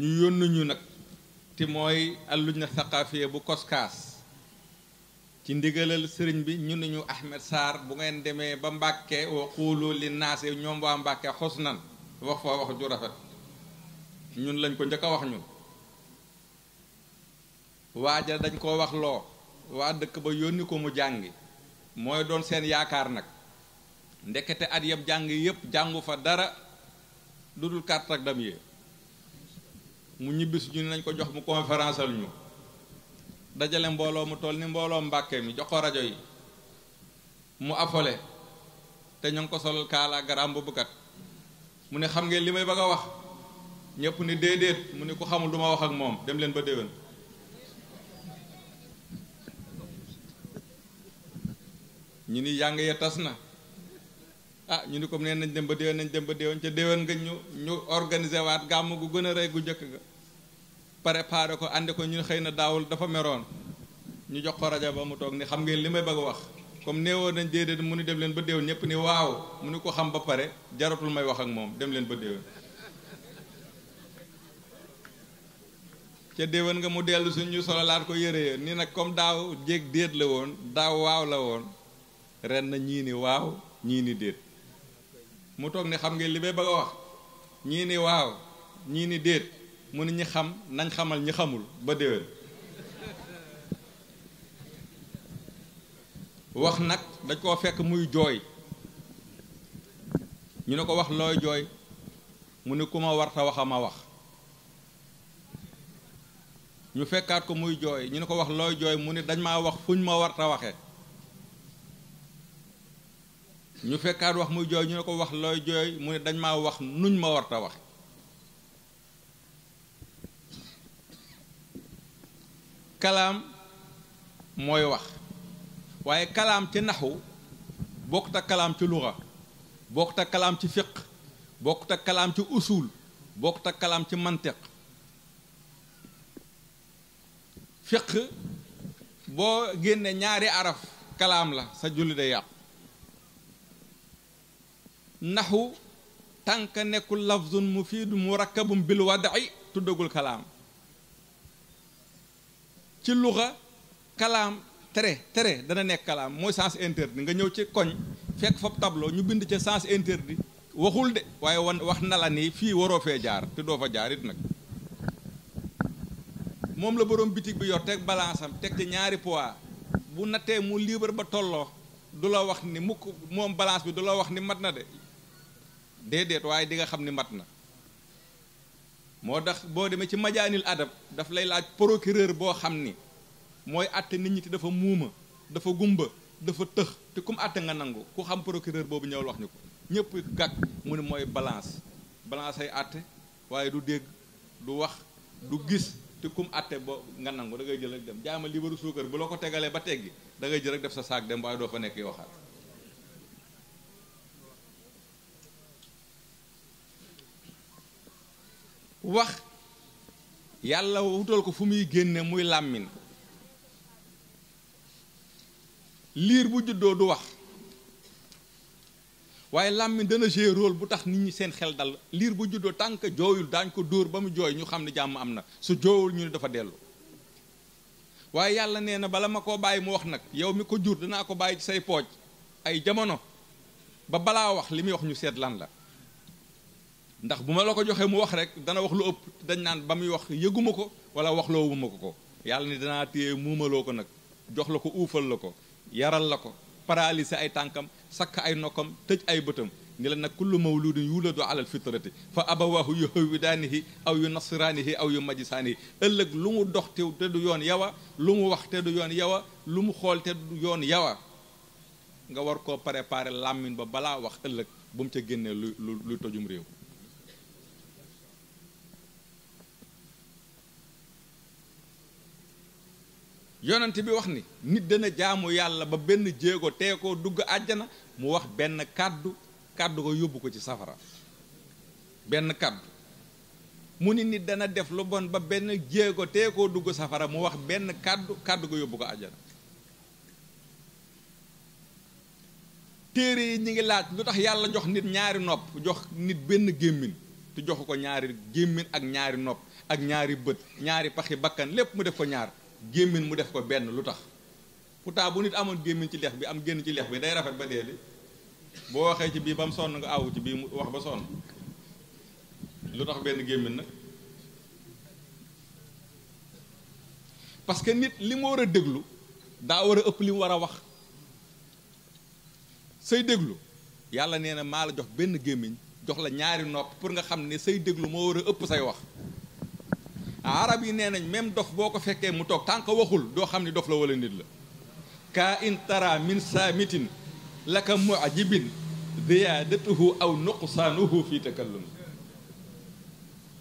ñu yónnu ñu nag ti mooy alluña saqaafiya bu koskaas ci ndigalal sëriñ bi ñu ne ñu Ahmed Sarr bu ngeen demee ba Mbàkke xuulu li naase ñoom waa Mbàkke xos nan wax fa wax ju rafet ñun lañ ko njëkk wax ñun waaja dañ ko wax loo waa dëkk ba yónni ko mu jàngi mooy doon seen yaakaar nag ndekkete at yëpp jàng yëpp jàngu fa dara lu dul kàrt ak dam yee mu ñibbisi ñu nañ ko jox mu conférence lu ñu dajale mbooloo mu toll ni mbooloo mbàkke mi jox ko rajo yi mu afole te ñoo ngi ko solal kaala garaam bu mu ne xam ngeen li may bëgg a wax ñépp ni déedéet mu ni ku xamul du ma wax ak moom dem leen ba déwén ñu ni jàng ya tas na ah ñu ni comme nee nañ dem ba déwén nañ dem ba déwén ca déwén nga ñu ñu organiser waat gàmm gu gën a rey gu njëkk ga préparé ko àndi ko ñu xëy na daawul dafa meroon ñu jox ko rajo ba mu toog ni xam ngeen li may bëgg wax comme néewoo nañ déedéet mu ni dem leen ba déwén ñëpp ni waaw mu ni xam ba pare jaratul may wax ak moom dem leen ba déwén ca déwén nga mu dellu suñ ñu sololaat ko yére ni nag comme daaw jéeg déet la woon daaw waaw la woon ren na ñii ni waaw ñii ni déet mu toog ne xam ngeen li may bëgg a wax ñii ni waaw ñii ni déet mu ne ñi xam nañ xamal ñi xamul ba déwén wax nag dañ koo fekk muy jooy ñu ne ko wax looy jooy mu ne ku ma warta waxa ma wax ñu fekkaat ko muy jooy ñu ne ko wax looy jooy mu ni dañ maa wax fuñ ma warta waxe ñu fekkaat wax muy jooy ñu ne ko wax looy jooy mu ne dañ ma wax nuñ ma warta wax kalaam mooy wax waaye kalaam ci naxu bokkut ak kalaam ci luxa bokkut ak kalaam ci fiq bokkut ak kalaam ci usul bokkut ak kalaam ci mantiq fiq boo génnee ñaari araf kalaam la sa julli day naxu tànk nekkul lafzun mufiidun murakkabun bil wadaci tuddagul kalaam ci luxa kalam tere tere dana nekk kalam mooy sens interdit nga ñëw ci koñ fekk fab tableau ñu bind ca sens interdit waxul de waaye wan wax na la ni fii waroo fee jaar te doo fa jaar it nag moom la borom bitig bi yor teg balance am teg ci ñaari poids bu nattee mu libre ba tolloo du la wax ni mukk moom balance bi du la wax ni mat na de déedéet waaye di nga xam ni mat na moo tax boo demee ci majaanil adam daf lay laaj procureur boo xam ni mooy àtte nit ñi te dafa muuma dafa gumba dafa tëx te kum àtte nga nangu ku xam procureur boobu ñëwal wax ñu ko ñëpp gàkk mu ne mooy balance balance ay àtte waaye du dégg du wax du gis te kum àtte boo nga nangu da ngay jël rek dem jaama libaru suukar bu la ko tegalee ba teggi dangay ngay jël rek def sa saak dem waaye doo fa nekk yoo xaar wax yàlla wutal ko fu muy génne muy làmmiñ liir bu juddoo du wax waaye làmmiñ dana jouer rôle bu tax nit ñi seen xel dal liir bu juddoo tànk jooyul daañ ko dóor ba mu jooy ñu xam ne jàmm am na su joowul ñu ne dafa dellu waaye yàlla nee na bala ma koo bàyyi mu wax nag yow mi ko jur danaa ko bàyyi ci say pooj ay jamono ba balaa wax li muy wax ñu seet lan la ndax bu ma la ko joxee mu wax rek dana wax lu ëpp dañ naan ba muy wax yëguma ko wala wax loowuma ko ko yàlla ni danaa téye muumaloo ko nag jox la ko uufal la ko yaral la ko paralysé ay tànkam sakk ay nokkam tëj ay bëtam ni la nag kullu mawludin yuladu ala alfitrati fa abawahu yu hawidaanihi aw yu nasraanihi aw yu majisaanihi ëllëg lu mu dox te du yoon yawa lu mu wax te du yoon yawa lu mu xool te du yoon yawa nga war koo préparer làmmiñ ba balaa wax ëllëg bu mu génnee lu lu lu tojum réew yonante bi wax ni nit dana jaamu yàlla ba benn jéego tee koo dugg àjjana mu wax benn kàddu kàddu ko yóbbu ko ci safara benn kàddu mu ni nit dana def lu bon ba benn jéego tee koo dugg safara mu wax benn kàddu kàddu ko yóbbu ko àjjana téere yi ñu ngi laaj lu tax yàlla jox nit ñaari nopp jox nit benn gémmiñ te joxu ko ñaari gémmiñ ak ñaari nopp ak ñaari bët ñaari paxi bakkan lépp mu def ko ñaar gémmiñ mu def ko benn lu tax pourtant bu nit amoon gémmiñ ci lex bi am génn ci lex bi day rafet ba dee di boo waxee ci bii ba mu sonn nga awu ci bii mu wax ba sonn lu tax benn gémmiñ nag parce que nit li ma war a déglu daa war a ëpp li mu war a wax say déglu yàlla nee na maa la jox benn gémmiñ jox la ñaari nopp pour nga xam ne say déglu moo war a ëpp say wax arab yi nee nañ même dof boo ko fekkee mu toog tànk waxul doo xam ni dof la wala nit la kaa in tara min saamitin laka mujibin ziyaadatuhu aw nuqsaanuhu fi takallum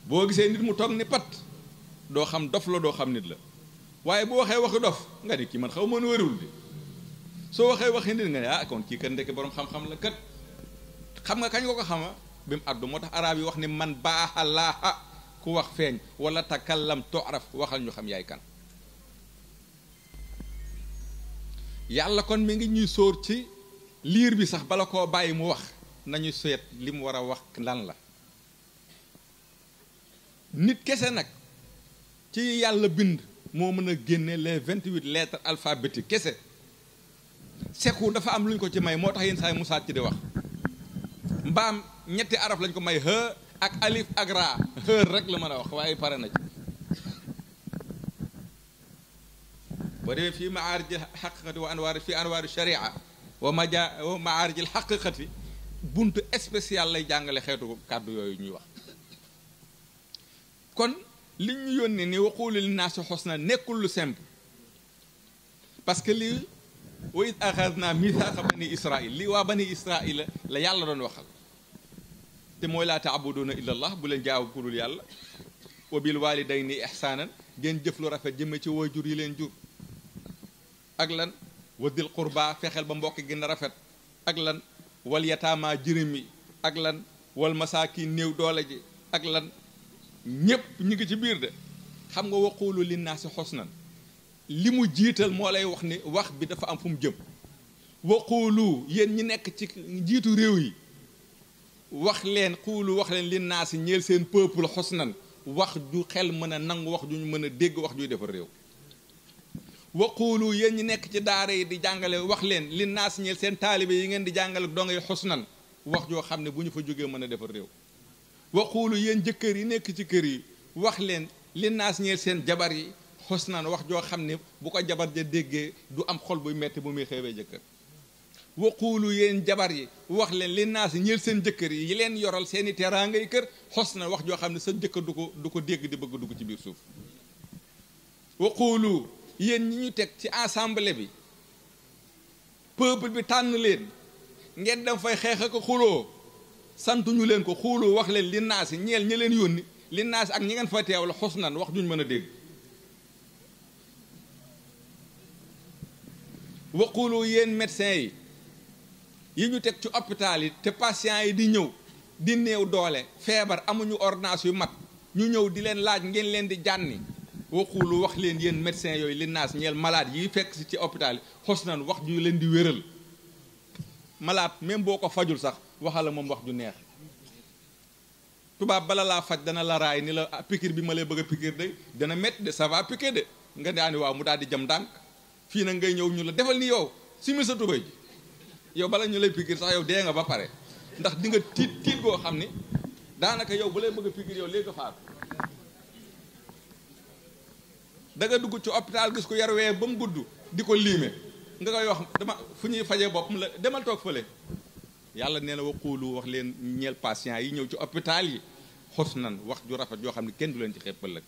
boo gisee nit mu toog ni pat doo xam dof la doo xam nit la waaye bu waxee waxi dof nga ni kii man xaw mën wérul di soo waxee waxi nit nga ne ah kon kii kat ndekk boroom xam-xam la kat xam nga kañ ko ko xama bi mu addu moo tax arab yi wax ni man baaxa ku wax feeñ wala takallam tu'raf waxal ñu xam yaay kan yàlla kon mi ngi ñuy sóor ci liir bi sax bala koo bàyyi mu wax nañu seet li mu war a wax lan la nit kese nag ci yàlla bind moo mën a génne les vingt huit lettres alphabétiques kese seku dafa am luñ ko ci may moo tax yenn saa yi ci di wax mbaam ñetti araf lañ ko may h ak alif ak raa rek la mën a wax waaye pare na ci boo demee fii maarij xaqiqati wa anwaar fii anwaar sharia wa maja wa maarij xaqiqati buntu spécial lay jàngale xeetu kàddu yooyu ñuy wax kon li ñu yónni ni waqulu li naasi xusna nekkul lu simple parce que lii wa id axadna mithaqa bani israil lii waa bani israil la yàlla doon waxal te mooy laa taabuduuna illallah bu leen jaaw kurul yàlla wa bil walidayni ihsaanan ngeen jëf lu rafet jëme ci jur yi leen jur ak lan wa dil qurba fexeel ba mbokk gën a rafet ak lan wal yataama jirim yi ak lan wal masaakin néew doole ji ak lan ñépp ñi ngi ci biir de xam nga waqulu linnaasi xusnan li mu jiital moo lay wax ni wax bi dafa am fu mu jëm waqulu yéen ñi nekk ci jiitu réew yi wax leen xuulu wax leen naa si ñeel seen peuple xusnan wax ju xel mën a nangu wax ju ñu mën a dégg wax juy defar réew waquulu yéen ñi nekk ci daara yi di jàngale wax leen li naa si seen taalibe yi ngeen di jàngale dong yi xusnan wax joo xam ne bu ñu fa jógee mën a defar réew waquulu yéen jëkkër yi nekk ci kër yi wax leen li naa si ñeel seen jabar yi xusnan wax joo xam ne bu ko jabar ja déggee du am xol buy metti bu muy xeewee jëkkër waquulu yéen jabar yi wax leen li naa si ñeel seen jëkkër yi yi leen yoral seeni i teraangay kër xos na wax joo xam ne seen jëkkër du ko du ko dégg di bëgg dugg ci biir suuf waquulu yéen ñi ñu teg ci assemblée bi peuple bi tànn leen ngeen dem fay xeex ak xuloo santuñu leen ko xuloo wax leen li naa si ñeel ñi leen yónni li naa ak ñi ngeen fa teew la xos nan wax duñ mën a dégg waquulu yéen médecin yi yi ñu teg ci hôpital yi te patients yi di ñëw di néew doole feebar amuñu ordonnance yu mag ñu ñëw di leen laaj ngeen leen di jànni waxulu wax leen yéen médecins yooyu li naas ñeel malaat yi fekk si ci hôpital yi xos nan wax ju leen di wéral malaat même boo ko fajul sax waxala moom wax ju neex tubaab bala laa faj dana la raay ni la ah, piqûre bi ma lay bëgg a de dana métti de ça va de nga daani waaw mu daal di jam ndànk fii nag ngay ñëw ñu la defal ni yow si sa tubay yow bala ñu lay piqûre sax yow dee nga ba pare ndax dinga nga tiit tiit boo xam ni daanaka yow bu lay bëgg a piqûre yow léegi faatu da dugg ci hôpital gis ko yar wee ba mu gudd di ko liime nga koy wax dama fu ñuy fajee boppam la demal toog fële yàlla nee na waxuulu wax leen ñeel patient yi ñëw ci hôpital yi xos nan wax ju rafet yoo xam ne kenn du leen ci xeppal ak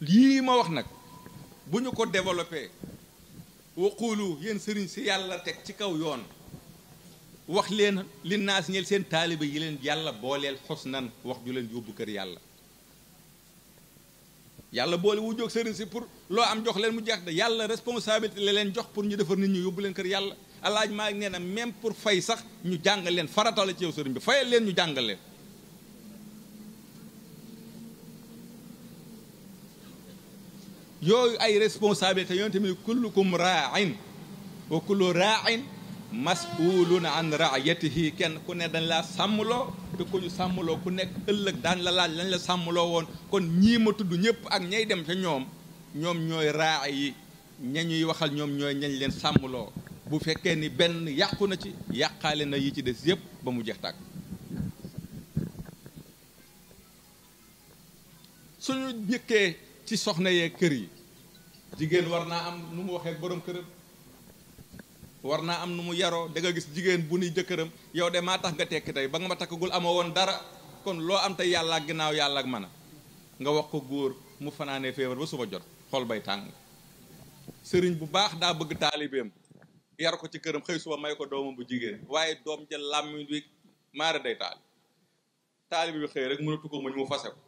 lii ma wax nag bu ñu ko développé waqulu yéen sëriñ si yàlla teg ci kaw yoon wax leen li naas ñeel seen taaliba yi leen yàlla booleel xusnan wax ju leen yóbbu kër yàlla yàlla boole wu jóg sëriñ si pour loo am jox leen mu jeex de yàlla responsabilité la leen jox pour ñu defar nit ñu yóbbu leen kër yàlla alaaj maa ngi nee na pour fay sax ñu jàngal leen farata la ci yow sëriñ bi fayal leen ñu jàngal leen yooyu ay responsabilité yonent bi kullukum raain wa kullu raain masulun an raayatihi kenn ku ne dañ laa sàmmloo te ku ñu sàmmloo ku nekk ëllëg daan la laaj lañ la sàmmloo woon kon ñii ma tudd ñëpp ak ñay dem ca ñoom ñoom ñooy raay yi ña ñuy waxal ñoom ñooy ñañ leen sàmmloo bu fekkee ni benn yàqu na ci yàqaale na yi ci des yëpp ba mu jeex tàkk suñu njëkkee ci soxna yee kër yi jigéen war naa am nu mu waxee boroom këram war naa am nu mu yaroo da gis jigéen bu ni jëkkëram yow de maa tax nga tekki tey ba nga ma takkagul amoo woon dara kon loo am tey yàlla ak ginnaaw yàlla ak man a nga wax ko góor mu fanaanee feebar ba suba jot xool bay tàng sëriñ bu baax daa bëgg taalibeem yar ko ci këram xëy suba may ko doomam bu jigéen waaye doom ja làmmiñ wi maara day taali taalibe bi xëy rek mënatu ko muñ mu fase ko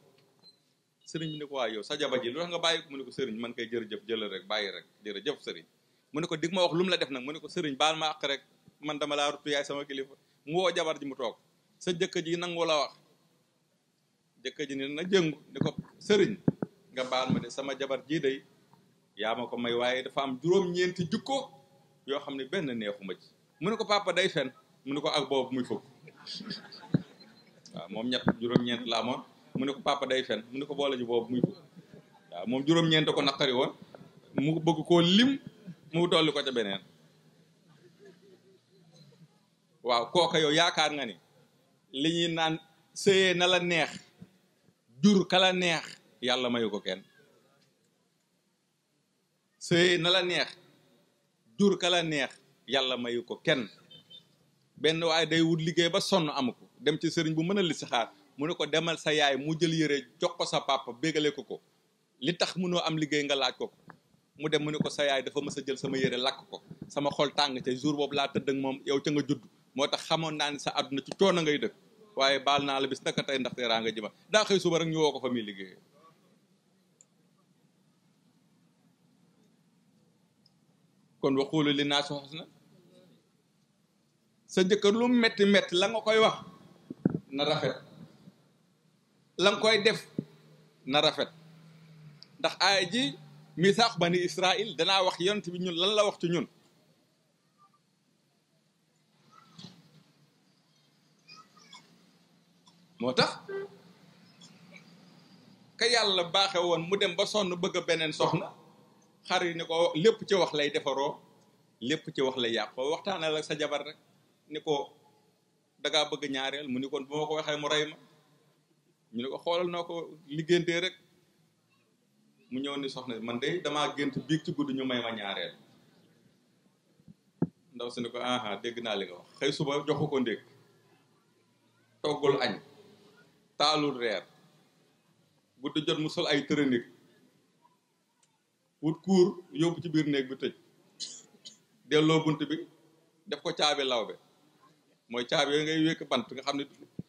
sëriñ bi ne ko waa yow sa jabar ji lu tax nga bàyyi ko mu ne ko sëriñ man kay jërëjëf jëlal rek bàyyi rek jërëjëf sëriñ mu ne ko dig ma wax lu mu la def nag mu ne ko sëriñ baal ma àq rek man dama laa sama kilifa mu woo jabar ji mu toog sa jëkkër ji nangu la wax ji ne na jëngu ne ko sëriñ nga baal ma de sama jabar jii day yaa ko may waaye dafa am juróom-ñeenti jukko yoo xam ne benn neexuma ci mu ne ko papa day fen mu ne ko ak boobu muy fukk waaw moom ñett juróom-ñeent la amoon mu ne ko papa day fen mu ne ko boole ju boobu muy waaw moom juróom-ñeent ko naqari woon mu bëgg koo lim mu dolli ko ca beneen waaw kooka yow yaakaar nga ni li naan sëyee na la neex jur ka la neex yàlla mayu ko kenn sëyee na neex jur ka neex yàlla mayu ko kenn benn waaye day wut liggéey ba sonn amu ko dem ci sëriñ bu mën a listixaar mu ne ko demal sa yaay mu jël yére jox ko sa papa bégale ko ko li tax mënoo am liggéey nga laaj ko ko mu dem mu ne ko sa yaay dafa mës a jël sama yére lakk ko sama xol tàng te jour boobu laa tëdd moom yow ca nga judd moo tax xamoon naa ne sa àdduna ci coono ngay dëkk waaye baal naa la bis naka tey ndax teeraa nga jëma daa xëy suba rek ñu woo ko fa muy liggéey kon waxulu li naa soxas na sa jëkkër lu metti metti la nga koy wax na rafet la koy def na rafet ndax aaya ji misaax bani israil danaa wax yonent bi ñun lan la wax ci ñun moo tax ka yàlla baaxe woon mu dem ba sonn bëgg beneen soxna xar yi ni ko lépp ci wax lay defaroo lépp ci wax lay yàqoo waxtaanal ak sa jabar rek ni ko dangaa bëgg ñaareel mu ni kon boo ko waxee mu rey ma ñu ne ko xoolal noo ko liggéeyantee rek mu ñëw ni soxna man de damaa gént biig ci guddi ñu may ma ñaareel ndaw si ne ko aha dégg naa li nga wax xëy suba joxu ko ndékk toggul añ taalul reer guddi jot mu sol ay tërënik wut kuur yóbbu ci biir néeg bi tëj delloo bunt bi def ko caabi law lawbe mooy caabi yooyu ngay wékk bant nga xam ne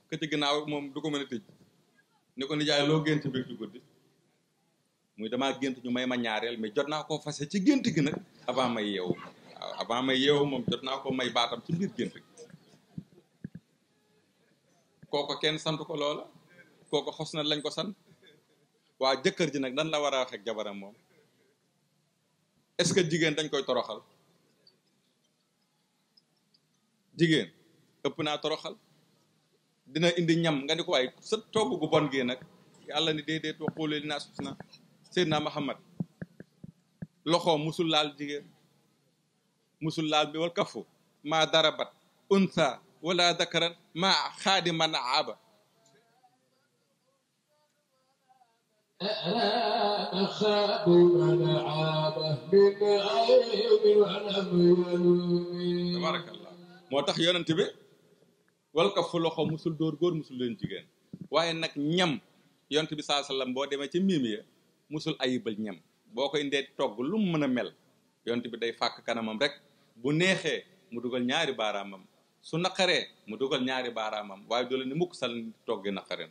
ka ci ginnaaw moom du ko mën a tëj ni ko nijaay loo gént mbir ci guddi muy damaa gént ñu may ma ñaareel mais jot naa koo fase ci gént gi nag avant may yeewu waaw avant may moom jot naa ko may baatam ci biir gént gi kooko kenn sant ko loola kooko xos na lañ ko sant waa jëkkër ji nag nan la war a wax jabaram moom est-ce que jigéen dañ koy toroxal jigéen ëpp naa toroxal dina indi ñam nga ni ko waaye sa togg gu bon gee nag yàlla ni déedéet waxoo leen naa suuf na Seydina Muhammad loxo musul laal jigéen musul laal bi wal kafu maa darabat unsa wala dakaran maa xaadiman aaba moo tax yonent bi wal ko fu loxo musul dóor góor musul leen jigéen waaye nag ñam yont bi saa sallam boo demee ci miim ya musul ayibal ñam boo koy ndee togg lu mu mën a mel yont bi day fàkk kanamam rek bu neexee mu dugal ñaari baaraamam su naqaree mu dugal ñaari baaraamam waaye doole ni mukk sal toggi naqareen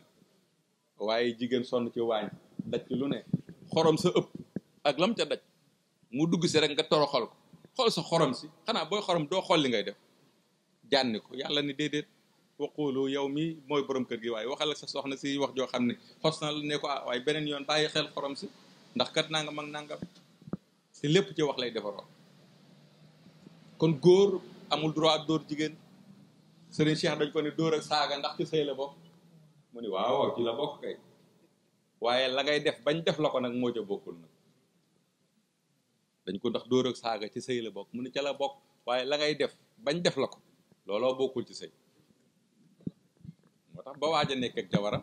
waaye jigéen sonn ci waañ daj ci lu ne xorom sa ëpp ak lam ca daj mu dugg si rek nga toroxal ko xool sa xorom si xanaa booy xorom doo xool li ngay def jànni ko yàlla ni déedéet waqulu yow mi mooy borom kër gi waaye waxal ak sa soxna si wax joo xam ne xos na la ne ko ah waaye beneen yoon bàyyi xel xorom si ndax kat naa nangam ak nangam si lépp ci wax lay defaroo kon góor amul droit dóor jigéen sëriñ Cheikh dañ ko ne dóor ak saaga ndax ci sëy la bokk mu ne waaw ci la ngay def bañ def la ko nag moo ca bokkul nag dañ ko ndax dóor ak saaga ci sëy la bokk mu ni ca la bokk waaye la ngay def bañ def la ko looloo bokkul ci sëy moo tax ba waaj a nekk ak jabaram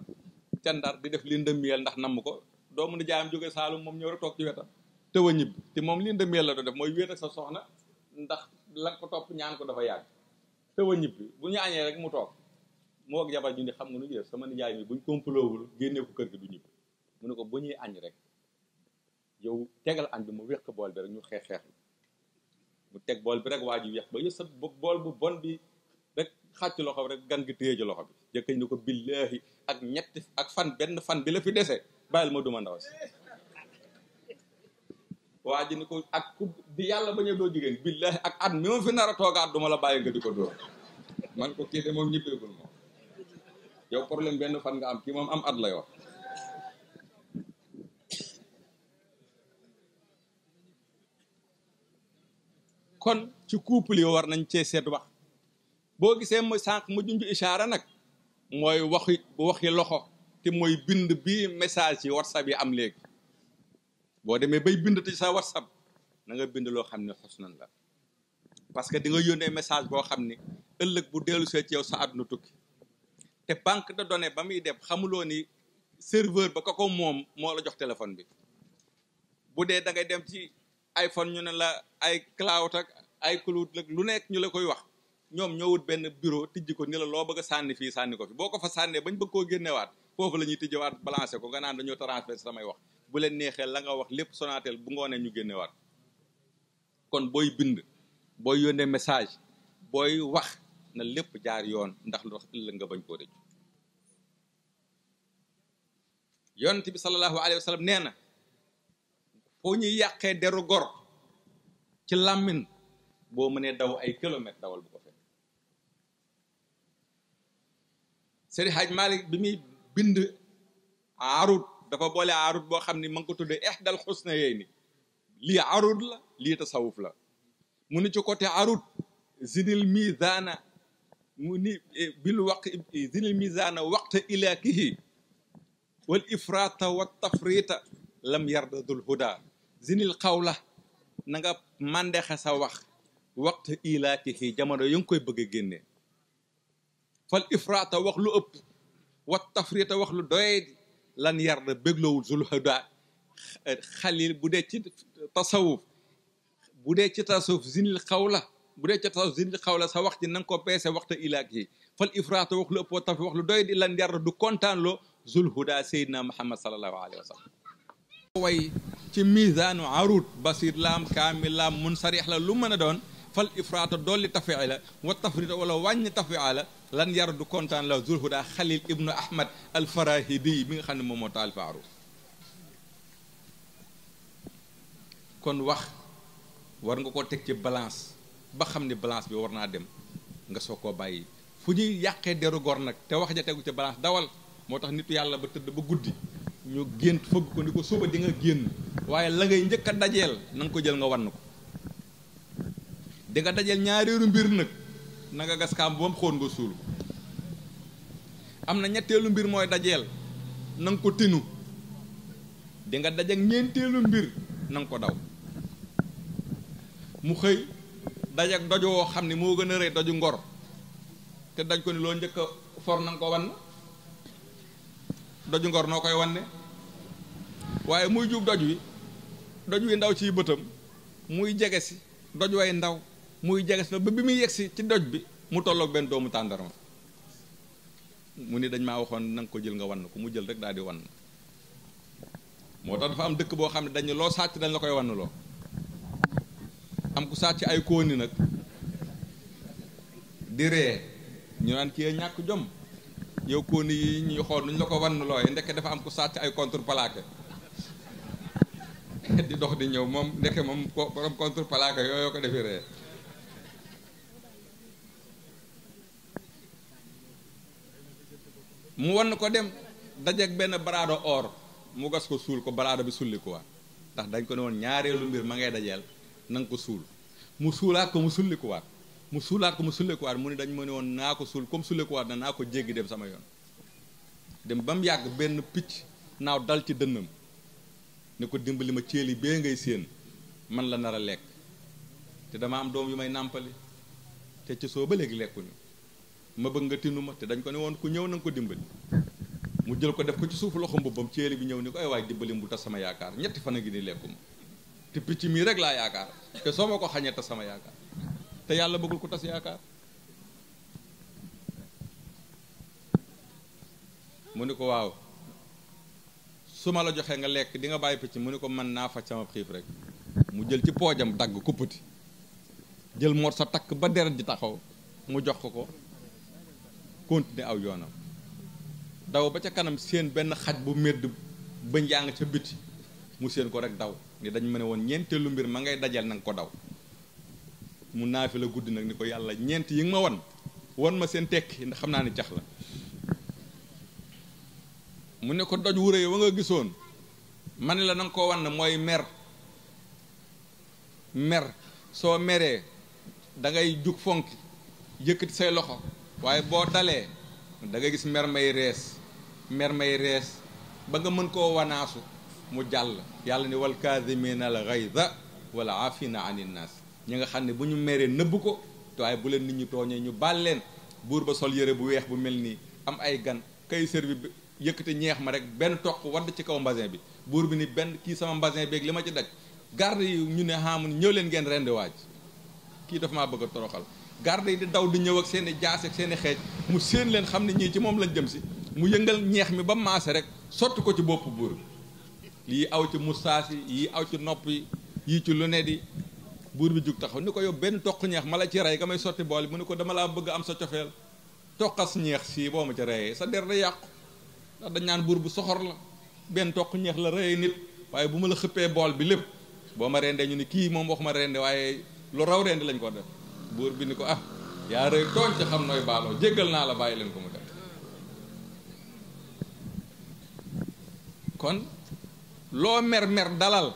ca ndar di def lindamiyel ndax namm ko doomu nijaayam jóge Saalum moom ñëw rek toog ci wetam te wa ñibbi te la doon def mooy wéet ak sa soxna ndax la ko topp ñaan ko dafa yàgg te wa bu ñu añee rek mu toog moo ak jabar ñu ne xam nga nu ñu def sama nijaay mi buñ kompaloowul génnee ko kër gi du ñibbi mu ne ko bu ñuy añ rek yow tegal añ bi mu wéq bool bi rek ñu xeex xeex mu teg bool bi rek waa ji wéq ba yëpp sa bool bu bool bi xàcc loxo rek gan gi téye loxo bi jëkkëj ni ko billaahi ak ñetti ak fan benn fan bi la fi dese bàyyil ma duma ndaw si waa ni ko ak ku di yàlla bañ a doo jigéen billaahi ak at mi ma fi nar a toogaat duma la bàyyi nga di ko dóor man ko kii de moom ñibbeegul moom yow problème benn fan nga am kii moom am at la yor kon ci couple yi war nañ cee seet wax boo gisee ma sànq ma junj ishaara nag mooy waxi loxo te mooy bind bi message yi whatsapp yi am léegi boo demee bay bind te sa whatsapp na nga bind loo xam ne xos nan la parce que di nga yónnee message boo xam ne ëllëg bu dellu see ci yow sa àdduna tukki te banque de données ba muy dem xamuloo ni serveur ba ka ko moom moo la jox téléphone bi bu dee da ngay dem ci iPhone ñu ne la ay cloud ak ay cloud lu nekk ñu la koy wax ñoom ñoo wut benn bureau tijj ko ni la loo bëgg a sànni fii sànni ko fi boo ko fa sànnee bañ bëgg koo génnewaat foofu la ñuy tijjiwaat balancé ko nga naan dañoo transversé samay wax bu leen neexee la nga wax lépp Sonatel bu ngoonee ñu génnewaat kon booy bind booy yónnee message booy wax na lépp jaar yoon ndax lu tax nga bañ koo rëccu yonent bi sallallahu alayhi wa sallam nee na foo ñuy yàqee deru gor ci làmmin boo mënee daw ay kilomètres dawal bu ko Seydi Hadj Malick bi muy bind arut dafa boole arut boo xam ni ma ngi ko tuddee ihdal xusna yey ni arut la lii tasawuf la mu ni ci côté arut zinil mizana mu ni e, bil waq zinil mizana waqta ilakihi wal ifrata wa tafrita lam yarda dul huda zinil xawla na nga mandexe sa wax waqta ilakihi jamono yo ngi koy bëgg a génnee fal ifraata wax lu ëpp wat tafrita wax lu doyadi lan yar da bégloowul zul huda xalil bu dee ci tasawuf bu dee ci tasawuf zinil xawla bu dee ci tasawuf zinil xawla sa wax ci na nga ko peese waxta ilaak yi fal ifraata wax lu ëpp wat tafri wax lu doyadi lan yar du kontaan loo zul huda seydina muhammad sallallahu alayhi wa sallam way ci misaanu arut basir laam kaamil laam mun sarix la lu mën a doon fal ifraata dolli tafiila wa tafrita wala wàññi tafiila lan yar du kontaan la zulhuda xalil ibnu ahmad alfarahidi bi nga xam ne moom moo taalif aruuf kon wax war nga koo teg ci balance ba xam ne balance bi war naa dem nga soo koo bàyyi fu ñuy yàqee deru gor nag te wax ja tegu ci balance dawal moo tax nit yàlla ba tëdd ba guddi ñu gént fëgg ko ni ko suba di nga génn waaye la ngay njëkk a dajeel nanga ko jël nga wann ko di nga dajeel ñaareelu mbir nag nanga nga gas kaam ba mu xóon nga suul am na ñetteelu mbir mooy dajeel na ko tinu dinga nga daj ak ñeenteelu mbir nanga ko daw mu xëy daj ak doj woo xam ni moo gën a rëy doju ngor te daj ko ni loo njëkk for na ko wann doju ngor noo koy wanne waaye muy jub doj wi doj wi ndaw ciy bëtam muy jege si doj way ndaw muy jege si ba bi muy yegsi ci doj bi mu tollook benn doomu tàndarma mu ni dañ maa waxoon na ko jël nga wann ko mu jël rek daal di wan moo tax dafa am dëkk boo xam ne dañ loo sàcc dañ la koy wann am ku sàcc ay kóoni nag di ree ñu naan kii ñàkk jom yow kóoni yi ñuy xool nuñ la ko wann looye ndeke dafa am ku sàcc ay contre plaqué di dox di ñëw moom ndeke moom borom contre plaqué yooyu ko defi ree mu wann ko dem dajeeg benn baraado or mu gas ko suul ko baraado bi sulli ko waat ndax dañ ko ne woon ñaareelu mbir ma ngay dajeel na ko suul mu suulaat ko mu sulli ko waat mu suulaat ko mu mu ne dañ ma ne woon naa ko suul comme sulli ko waat na naa ko jéggi dem sama yoon dem ba mu yàgg benn picc naaw dal ci dënnam ni ko dimbali ma céeli bee ngay séen man la nar a lekk te dama am doom yu may nàmpali te ci soo ba léegi lekkuñu ma bëgg nga tinu ma te dañ ko ne woon ku ñëw na ko dimbali mu jël ko def ko ci suufu loxo mbubbam ceeli bi ñëw ni ko ay waay dimbali mu tas sama yaakaar ñetti fan a ngi te picc mii rek laa yaakaar te soo ma ko xañee tas sama yaakaar te yàlla bëggul ko tas yaakaar mu ni ko waaw su ma la joxee nga lekk di nga bàyyi picc mu ni ko mën naa faj sama xiif rek mu jël ci poojam dagg kuppati jël mor sa takk ba deret ji taxaw mu jox ko ko continuer aw yoonam daw ba ca kanam seen benn xaj bu médd ba njàng ca biti mu seen ko rek daw ni dañ ma ne woon ñeenteelu mbir ma ngay dajal nanga ko daw mu naafi la guddi nag ni ko yàlla ñent yi nga ma wan wan ma seen tekki ndax xam naa ni cax la mu ne ko doj wuré wa nga gisoon ma ne la nanga ko wan mooy mer mer soo meree dangay ngay jug fonk yëkkati say loxo waaye boo dalee da gis mer may rees mer may rees ba nga mën koo wanaasu mu jàll yàlla ni wal kaazimina al ghayza wal afina anin nas ñi nga xam ne bu ñu meree nëbb ko te waaye bu leen nit ñu tooñee ñu baal leen buur ba sol yére bu weex bu mel nii am ay gan kay servi bi yëkkate ñeex ma rek benn toq wadd ci kaw mbasin bi buur bi ni benn kii sama mbasin beeg li ma ci daj garde yi ñu ne xaamun ñëw leen ngeen rendi waaj kii dafa ma bëgg a toroxal garde yi di daw di ñëw ak seen i jaas ak seeni i xeej mu séen leen xam ne ñii ci moom lañ jëm si mu yëngal ñeex mi ba maase rek sotti ko ci bopp buur lii aw ci mustaas yi yii aw ci nopp yi yii ci lu ne di buur bi jug taxaw ni ko yow benn toq ñeex ma la ci rey nga may sotti bool mu ne ko dama laa bëgg am sa cofeel toqas ñeex sii boo ma ci reyee sa der da yàqu ndax dañ naan buur bu soxor la benn toq ñeex la reyee nit waaye bu ma la xëppee bool bi lépp boo ma rendee ñu ni kii moom waxuma rende waaye lu raw rende lañ ko def buur bi ni ko ah yaa rëy tooñ xam nooy baaloo jéggal naa la bàyyi leen ko mu dem kon loo mer-mer dalal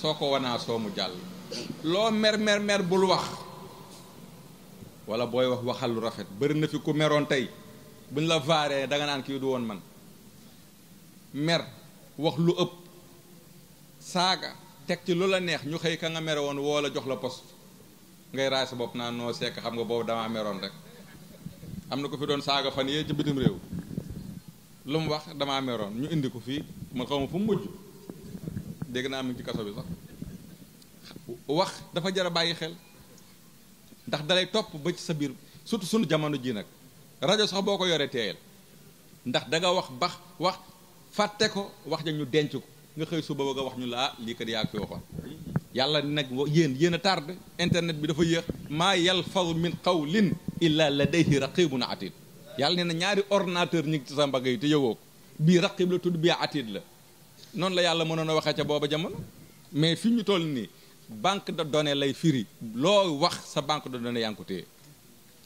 soo ko wanaa soo mu jàll loo mer-mer-mer bul wax walla booy wax waxal lu rafet bëri na fi ku meroon tey buñ la vaaree danga naan kii du woon man mer wax lu ëpp saaga teg ci lu la neex ñu xëy ka nga mere woon woo la jox la poste ngay raay sa bopp naa noo sekk xam nga boobu damaa meroon rek am na ko fi doon saaga fan yee ci bitim réew lu mu wax damaa meroon ñu indi ko fii ma xaw ma fu mu mujj dégg naa mi ngi ci kaso bi sax wax dafa jar a bàyyi xel ndax dalay topp ba ci sa biir surtout suñu jamono ji nag rajo sax boo ko yoree teeyal ndax danga wax bax wax fàtte ko wax ja ñu denc ko nga xëy suba bëgg a wax ñu la ah lii kat yaa ko waxoon yàlla nag yéen yéen a tardé internet bi dafa yéex maa yalfazu min qawlin illa ladayhi raqibun atid yàlla nee na ñaari ordinateur ñu ngi ci sa mbagg yi te yowoo ko bii raqib la tudd bii atid la noonu la yàlla mënoon a waxee ca booba jamono mais fi ñu toll nii banque de donne lay firi loo wax sa banque de données yaa ngi ko téye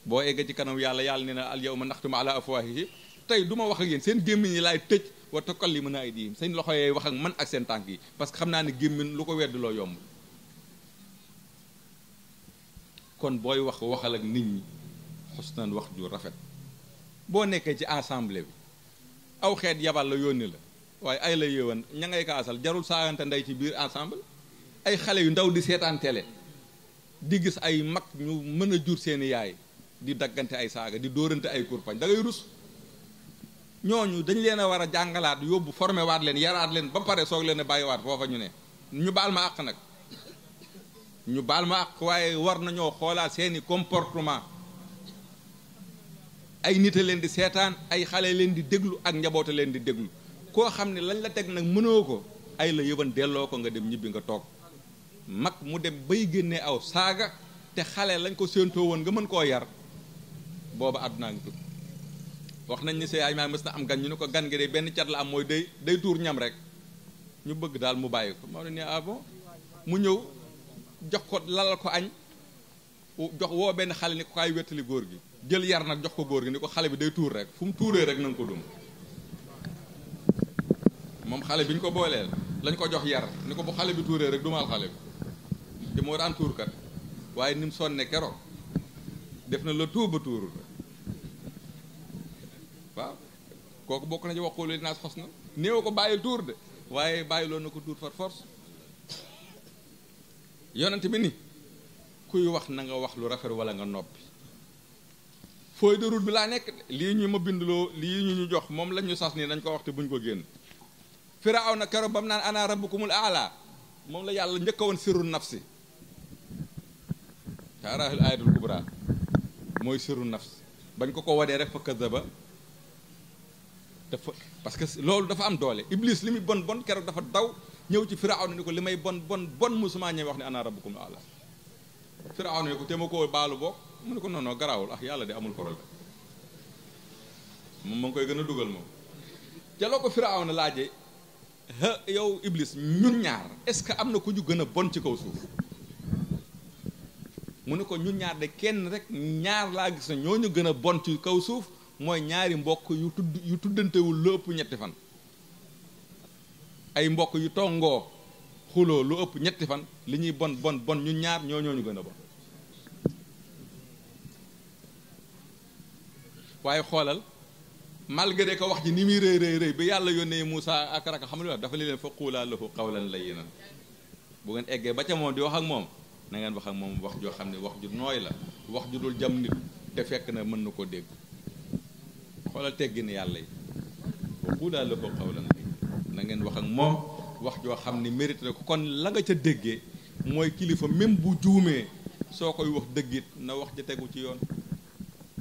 boo eggee ci kanam yàlla yàlla nee na al yawma naxtumu ala afwahihim tey du ma wax ak yéen seen gémmiñ yi laay tëj wa tukallimuna aydihim seen loxo yee wax ak man ak seen yi parce que xam naa ne gémmiñ lu ko wedd loo yomb kon booy wax waxal ak nit ñi xusnan wax ju rafet boo nekkee ci assemblée bi aw xeet yabal la yónni la waaye ay la yéwan ña ngay kaasal jarul saagante ndey ci biir assemblée ay xale yu ndaw di seetaan télé di gis ay mag ñu mën a jur seeni yaay di daggante ay saaga di dóorante ay kurpañ dangay ngay rus ñooñu dañ leen a war a jàngalaat yóbbu formé waat leen yaraat leen ba pare soog leen bàyyiwaat foofa ñu ne ñu baal ma àq nag ñu baal ma ak waaye war nañoo xoolaat seeni comportement ay nit a leen di seetaan ay xale leen di déglu ak njaboota leen di déglu koo xam ne lañ la teg nag mënoo ko ay la yëban delloo ko nga dem ñibbi nga toog mag mu dem bay génnee aw saaga te xale lañ ko séentoo woon nga mën koo yar booba àdduna ngi tut wax nañ ni say ay maa mës na am gan ñu ne ko gan gi de benn cat la am mooy day day tuur ñam rek ñu bëgg daal mu bàyyi ko moo ne ah bon mu ñëw jox ko lalal ko añ jox woo benn xale ni ko kaay wettali góor gi jël yar nag jox ko góor gi ni ko xale bi day tuur rek fu mu tuuree rek na nga ko dum moom xale bi ñu ko booleel lañ ko jox yar ni ko bu xale bi tuuree rek dumaal xale bi te moo daan kat waaye ni mu sonne keroog def na la tuur ba tuurul waaw kooku bokk na ci waxoolu li naa xos na néew ko bàyyi tuur de waaye bàyyi loon na ko tuur par force yonent bi ni kuy wax na nga wax lu rafet wala nga noppi feuille de route bi laa nekk lii ñu ma bindloo lii ñu ñu jox moom lañ ñu sas nii nañ ko wax waxte buñ ko génn firaaw na keroog ba mu naan ana rabbukumul aala moom la yàlla njëkk a woon sirru nafsi taaraahul ayatul kubra mooy sirru nafsi bañ ko ko wadee rek fa kazaba dafa parce que loolu dafa am doole iblis li muy bon bon keroog dafa daw ñëw ci firawna ni ko li may bon bon bon musuma ñëw wax ne ana rabbukum ala firawna ni ko te ma koo baalu bokk mu ne ko non non garaawul ah yàlla de amul problème moom ma ngi koy gën a dugal moom ko loo ko firawna laaje yow Iblis ñun ñaar est-ce que am na ku ñu gën a bon ci kaw suuf mu ne ko ñun ñaar de kenn rek ñaar laa gis na ñoo ñu gën a bon ci kaw suuf mooy ñaari mbokk yu tudd yu tuddantewul lu ëpp ñetti fan ay mbokk yu tongoo xuloo lu ëpp ñetti fan li ñuy bon bon bon ñu ñaar ñoo ñooñu gën a bon waaye xoolal malgré que wax ji ni muy rëy rëy bi ba yàlla yónnee Moussa ak raka xam nga dafa leen ko quulaa la qawlan na bu ngeen eggee ba ca moom di wax ak moom na wax ak moom wax joo xam ne wax ju nooy la wax ju dul jam nit te fekk na mën na ko dégg xoolal teggin yàlla yi fa quulaa lahu qawlan layyinan nangeen ngeen wax moom wax joo xam ne mérite na ko kon la nga ca déggee mooy kilifa même bu juumee soo koy wax dëggit na wax ja tegu ci yoon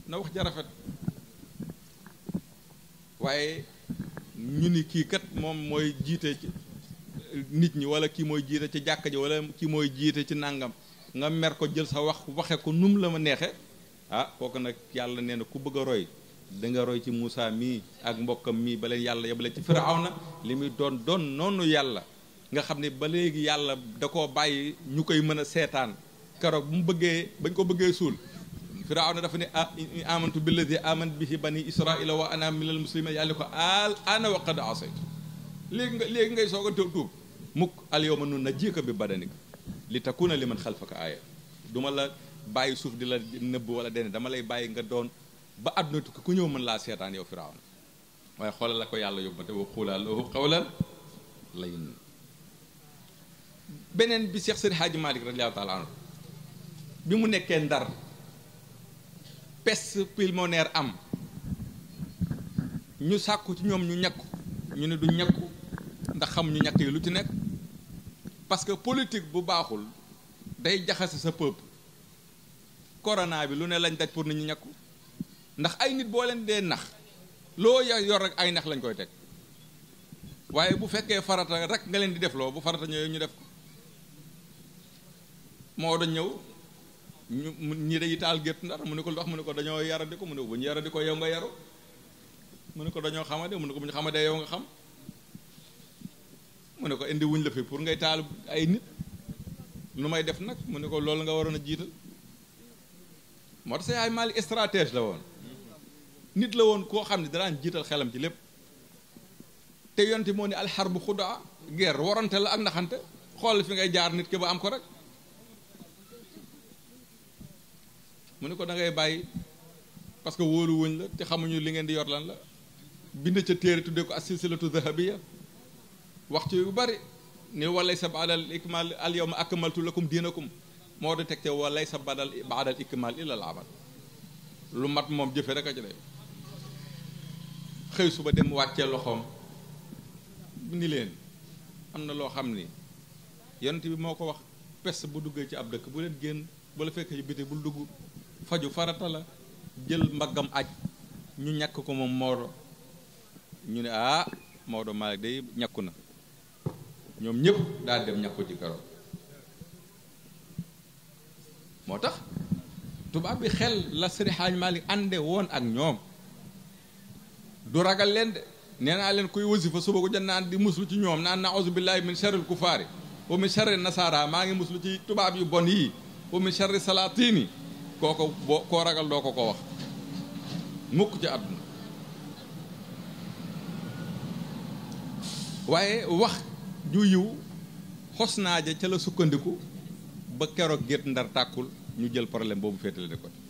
na wax ja rafet waaye ñu ni kii kat moom mooy jiite ci eh, nit ñi wala kii mooy jiite ci jàkka ji wala kii mooy jiite ci nàngam nga mer ko jël sa wax waxe ko num la ma neexe ah kooku nag yàlla nee na ku bëgg a roy da nga roy ci muusa mii ak mbokkam mii ba leen yàlla yebale ci na li muy doon doon noonu yàlla nga xam ne ba léegi yàlla da koo bàyyi ñu koy mën a seetaan keroog bu mu bëggee bañ ko bëggee suul Firawna dafa ne ah, amantu billadi aman bihi bani israila wa ana minal muslimin yàlla ko al ana wa qad asaytu léegi nga léegi ngay soog a tuub mukk al yawma nunajjika bi badanika li na li takuna liman ko aaya duma la bàyyi suuf di la nëbb wala dene dama lay bàyyi nga doon ba àdduna tukki ku ñëw mën laa seetaan yow Firawna waaye xoolal la ko yàlla yóbbu te wa quulaa lahu qawlan layyinan beneen bi Cheikh Seydi Hadji Malick radiyallahu bi mu nekkee Ndar peste pulmonaire am ñu sàkku ci ñoom ñu ñakku ñu ne du ñakku ndax xam ñu ñakk yi lu ci nekk parce que politique bu baaxul day jaxase sa peuple corona bi lu ne lañ daj pour nit ñu ñakku ndax ay nit boo leen dee nax loo yor rek ay nax lañ koy teg waaye bu fekkee farata rek nga leen di def loo bu farata ñëwee ñu def ko moo dañ ñëw ñu ñi day taal gétt ndar mu ne ko lu mu ne ko dañoo yaradi ko mu ne ko bu ko yow nga yaru mu ne ko dañoo xamade mu ne ko bu ñu xamadee yow nga xam mu ne ko indi la fi pour ngay taal ay nit lu may def nag mu ne ko loolu nga waroon a jiital moo tax sa yaay Mali stratège la woon nit la woon koo xam ne danaa jiital xelam ci lépp te yonte moo ne alxar bu xudaa guerre warante la ak naxante xool fi ngay jaar nit ki ba am ko rek mu ne ko da ngay bàyyi parce que wóolu la te xamuñu li ngeen di yor lan la bind ca téere tuddee ko as-silsilatu dhahabiyya wax ci yu bari ne walaysa ba'dal ikmal al yawma akmaltu lakum diinakum moo di teg te walaysa ba'dal ikmal illa al amal lu mat moom jëfe rek a ci xëy suba dem wàccee loxoom ni leen am na loo xam ni yonent bi moo ko wax pes bu duggee ci ab dëkk bu leen génn bu la fekkee ci biti bul dugg faju farata la jël mbaggam aj ñu ñàkk ko moom Maodo ñu ne ah Maodo Malick day ñakku na ñoom ñëpp daal dem ñakku ci karo moo tax tubaab bi xel la Sëriñ Xaaj ànde woon ak ñoom du ragal leen de nee naa leen kuy wasifa suba ko jot naan di muslu ci ñoom naan na auzu billahi min sharril kufaari wa min nasaara maa ngi muslu ci tubaab yu bon yii wa min sharri salaatini kooko boo koo ragal doo ko ko wax mukk ci àdduna waaye wax ju yiw xos naa ja ca la sukkandiku ba keroog gét ndar tàkkul ñu jël problème boobu féetale ko